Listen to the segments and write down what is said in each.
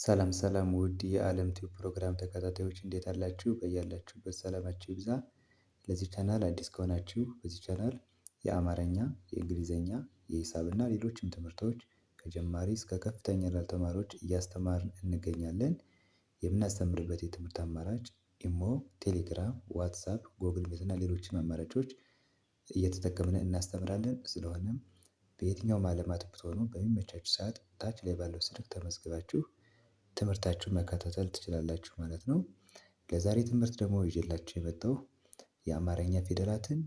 ሰላም ሰላም ውድ የአለም ቲዩብ ፕሮግራም ተከታታዮች እንዴት አላችሁ በያላችሁበት ሰላማችሁ ይብዛ። ለዚህ ቻናል አዲስ ከሆናችሁ በዚህ ቻናል የአማርኛ የእንግሊዝኛ የሂሳብና ሌሎችም ትምህርቶች ከጀማሪ እስከ ከፍተኛ ላል ተማሪዎች እያስተማርን እንገኛለን። የምናስተምርበት የትምህርት አማራጭ ኢሞ ቴሌግራም ዋትሳፕ ጎግል ሚት እና ሌሎችም አማራጮች እየተጠቀምን እናስተምራለን። ስለሆነም በየትኛውም አለማት ብትሆኑ በሚመቻችሁ ሰዓት ታች ላይ ባለው ስልክ ተመዝግባችሁ ትምህርታችሁን መከታተል ትችላላችሁ ማለት ነው። ለዛሬ ትምህርት ደግሞ ይዤላችሁ የመጣው የአማርኛ ፊደላትን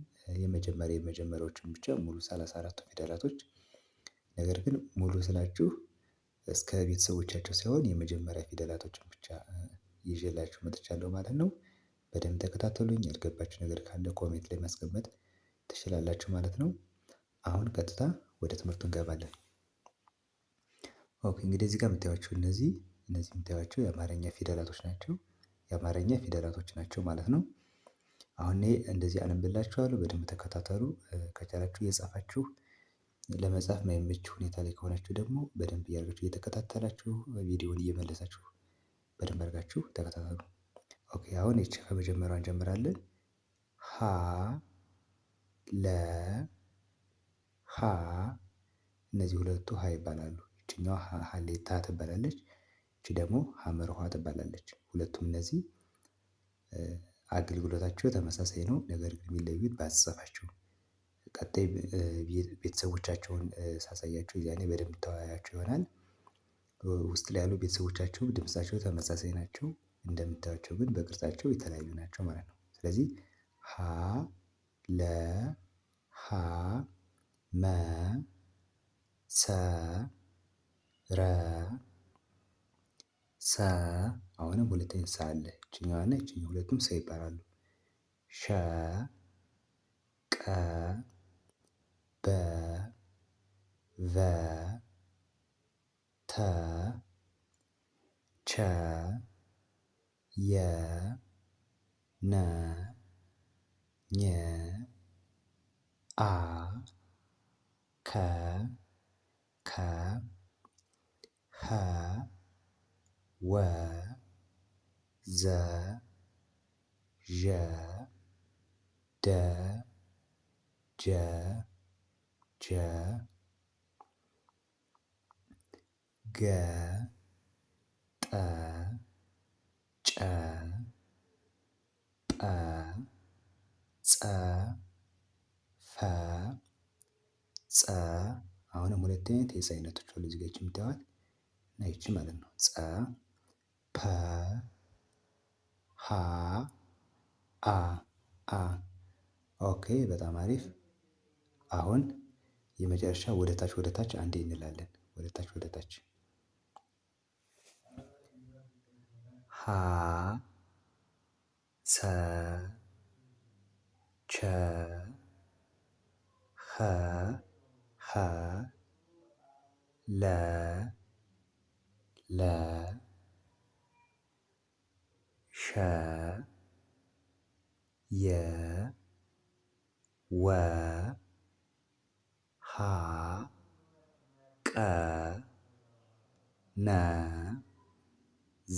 የመጀመሪያ የመጀመሪያዎቹን ብቻ ሙሉ ሰላሳ አራቱ ፊደላቶች ነገር ግን ሙሉ ስላችሁ እስከ ቤተሰቦቻቸው ሳይሆን የመጀመሪያ ፊደላቶችን ብቻ ይዤላችሁ መጥቻለሁ ማለት ነው። በደንብ ተከታተሉኝ ያልገባችሁ ነገር ካለ ኮሜንት ላይ ማስቀመጥ ትችላላችሁ ማለት ነው። አሁን ቀጥታ ወደ ትምህርቱ እንገባለን። ኦኬ እንግዲህ እዚህ ጋር የምታዩዋቸው እነዚህ እነዚህ የምታዩቸው የአማርኛ ፊደላቶች ናቸው። የአማርኛ ፊደላቶች ናቸው ማለት ነው። አሁን እኔ እንደዚህ አነብላችኋለሁ። በደንብ ተከታተሉ። ከቻላችሁ እየጻፋችሁ ለመጻፍ የማይመች ሁኔታ ላይ ከሆናችሁ ደግሞ በደንብ እያደረጋችሁ እየተከታተላችሁ ቪዲዮውን እየመለሳችሁ በደንብ አድርጋችሁ ተከታተሉ። ኦኬ አሁን ይች ከመጀመሪያዋ እንጀምራለን። ሀ ለ ሀ እነዚህ ሁለቱ ሀ ይባላሉ። ይችኛዋ ሀሌታ ትባላለች። ይቺ ደግሞ ሀመር ውሃ ትባላለች። ሁለቱም እነዚህ አገልግሎታቸው ተመሳሳይ ነው። ነገር ግን የሚለዩት በአጻጻፋቸው ነው። ቀጣይ ቤተሰቦቻቸውን ሳሳያቸው የዛኔ በደንብ ተወያያቸው ይሆናል። ውስጥ ላይ ያሉ ቤተሰቦቻቸው ድምፃቸው ተመሳሳይ ናቸው። እንደምታያቸው ግን በቅርጻቸው የተለያዩ ናቸው ማለት ነው። ስለዚህ ሀ ለ ሀ መ ሰ ረ ሰ አሁንም ሁለተኛ ሰ አለ ይችኛዋ እና ሁለቱም ሰ ይባላሉ። ሸ ቀ በ ቨ ተ ቸ የ ነ ኘ አ ከ ከ ሃ ወ ዘ ዠ ደ ጀ ጀ ገ ጠ ጨ ጰ ጸ ፈ ጸ አሁንም ሁለተኛ የፀ አይነቶች አሉ እዚህ ጋ ይቺ የምታዩዋት ማለት ነው። ጸ ፐ ሀ አ አ ኦኬ በጣም አሪፍ። አሁን የመጨረሻ ወደታች ወደታች አንዴ እንላለን ወደታች ታች ሀ ሰ ቸ ኸ ኸ ለ ለ ሸ የ ወ ሀ ቀ ነ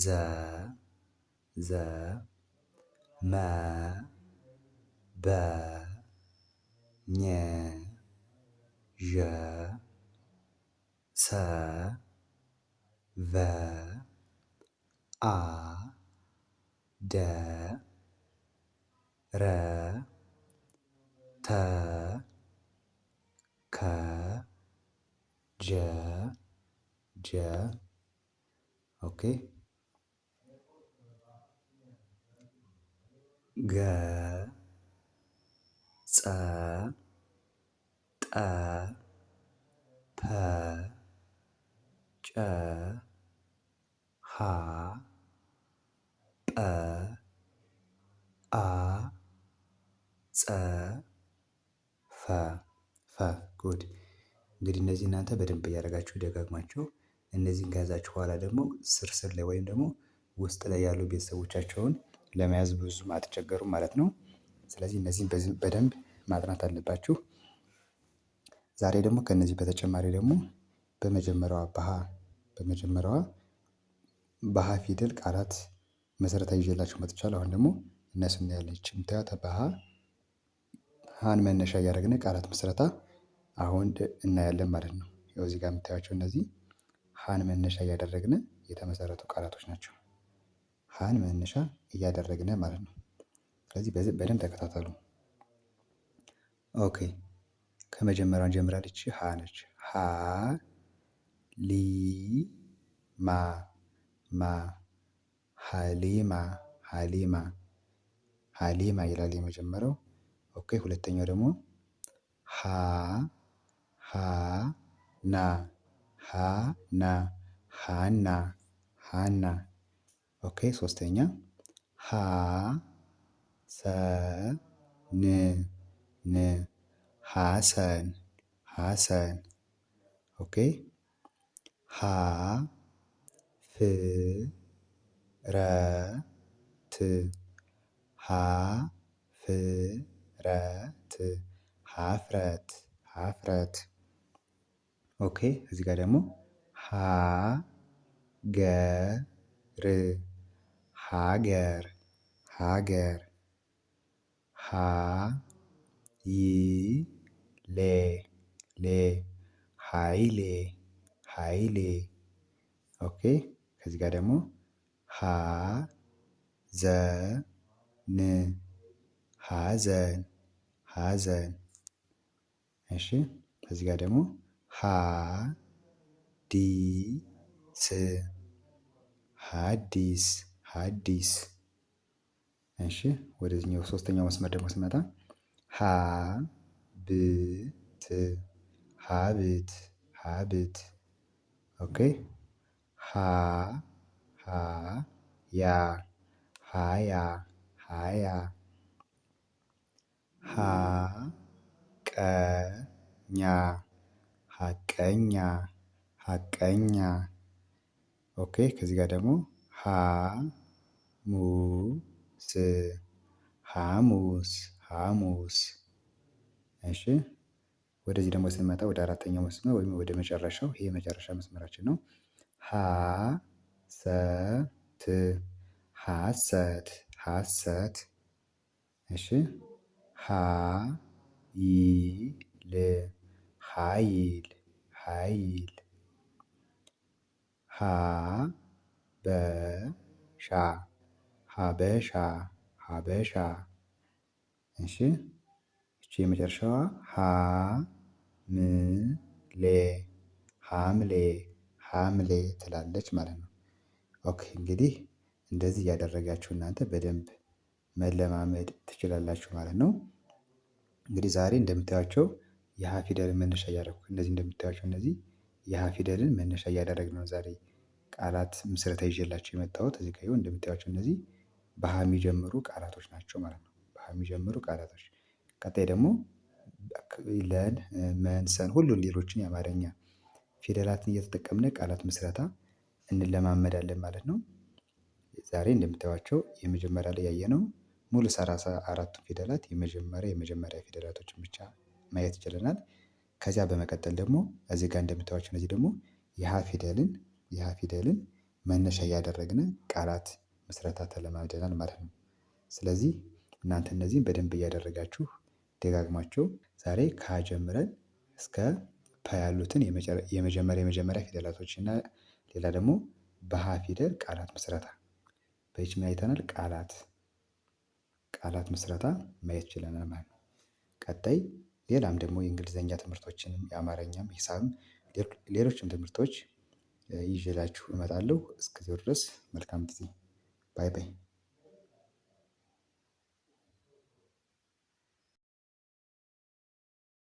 ዘ ዘ መ በ ኘ ዠ ሰ ቨ አ ደ ረ ተ ከ ጀ ጀ ኦኬ ገ ጸ ጠ ፐ ጨ ሃ ጰ አ ጸ ፈ ፈ ጉድ እንግዲህ እነዚህ እናንተ በደንብ እያደረጋችሁ ደጋግማችሁ እነዚህን ከያዛችሁ በኋላ ደግሞ ስር ስር ላይ ወይም ደግሞ ውስጥ ላይ ያሉ ቤተሰቦቻቸውን ለመያዝ ብዙ አትቸገሩ ማለት ነው። ስለዚህ እነዚህን በደንብ ማጥናት አለባችሁ። ዛሬ ደግሞ ከእነዚህ በተጨማሪ ደግሞ በመጀመሪያዋ በሀ በመጀመሪያዋ በሀ ፊደል ቃላት መሰረታዊ ይዤላችሁ መጥቻለሁ። አሁን ደግሞ እነሱን እናያለን። ይቺ በሀ ሀን መነሻ እያደረግን ቃላት መሰረታ አሁን እናያለን ማለት ነው። ያው እዚህ ጋር የምታያቸው እነዚህ ሀን መነሻ እያደረግን የተመሰረቱ ቃላቶች ናቸው። ሀን መነሻ እያደረግን ማለት ነው። ስለዚህ በደንብ ተከታተሉ። ኦኬ ከመጀመሪያውን ጀምራለች። ሀ ነች። ሀ ሊ ማ ማ ሀሊማ ሀሊማ ሀሊማ ይላል የመጀመሪያው ኦኬ ሁለተኛው ደግሞ ሀ ሀ ና ሀ ና ሃና ሃና ኦኬ ሶስተኛ ሀ ሰ ን ን ሀሰን ሀሰን ኦኬ ሀ ፍ ረት ሀፍረት ሀፍረት ሀፍረት ኦኬ እዚህ ጋር ደግሞ ሀገር ሀገር ሀገር ሀይሌ ሌ ሃይሌ ሀይሌ ኦኬ ከዚህ ጋር ደግሞ ሀዘን ዘን ሀዘን ሀዘን እሺ ከዚህ ጋር ደግሞ ሀ ዲ ስ ሀዲስ ሀዲስ እሺ ወደዚህኛው ሶስተኛው መስመር ደግሞ ስመጣ ሀ ብ ት ሀብት ሀብት ኦኬ ሀ ሃያ ሃያ ሃያ ሀቀኛ ሀቀኛ ሀቀኛ ኦኬ ከዚህ ጋር ደግሞ ሀሙስ ሀሙስ ሀሙስ እሺ ወደዚህ ደግሞ ስንመጣ ወደ አራተኛው መስመር ወይም ወደ መጨረሻው ይሄ የመጨረሻ መስመራችን ነው። ሀ ሰት ሐሰት ሐሰት እሺ ሀ ይ ል ሀይል ሀይል ሀ በ ሻ ሀበሻ ሀበሻ እሺ ይቺ የመጨረሻዋ ሀ ም ሌ ሀምሌ ሀምሌ ትላለች ማለት ነው። ኦኬ እንግዲህ እንደዚህ እያደረጋችሁ እናንተ በደንብ መለማመድ ትችላላችሁ ማለት ነው። እንግዲህ ዛሬ እንደምታያቸው የሀ ፊደልን መነሻ እያደረኩ እነዚህ እንደምታያቸው እነዚህ የሀ ፊደልን መነሻ እያደረግ ነው ዛሬ ቃላት ምስረታ ይዤላቸው የመጣሁት እዚህ ጋር እንደምታያቸው እነዚህ በሀ የሚጀምሩ ቃላቶች ናቸው ማለት ነው። በሀ የሚጀምሩ ቃላቶች ቀጣይ ደግሞ ለን፣ መን፣ ሰን ሁሉን ሌሎችን የአማርኛ ፊደላትን እየተጠቀምነ ቃላት ምስረታ እንለማመዳለን ማለት ነው። ዛሬ እንደምታዋቸው የመጀመሪያ ላይ ያየነው ሙሉ ሰላሳ አራቱን ፊደላት የመጀመሪያ የመጀመሪያ ፊደላቶችን ብቻ ማየት ችለናል። ከዚያ በመቀጠል ደግሞ እዚህ ጋር እንደምታዩዋቸው እነዚህ ደግሞ የሀ ፊደልን የሀ ፊደልን መነሻ እያደረግን ቃላት ምስረታ ተለማምደናል ማለት ነው። ስለዚህ እናንተ እነዚህን በደንብ እያደረጋችሁ ደጋግማቸው ዛሬ ከሀ ጀምረን እስከ ፐ ያሉትን የመጀመሪያ የመጀመሪያ ፊደላቶችና ሌላ ደግሞ በሀ ፊደል ቃላት ምስረታ በች አይተናል? ቃላት ቃላት ምስረታ ማየት ችለናል ማለት ነው። ቀጣይ ሌላም ደግሞ የእንግሊዘኛ ትምህርቶችንም የአማርኛም ሂሳብም ሌሎችም ትምህርቶች ይዤላችሁ እመጣለሁ። እስከዚያው ድረስ መልካም ጊዜ። ባይ ባይ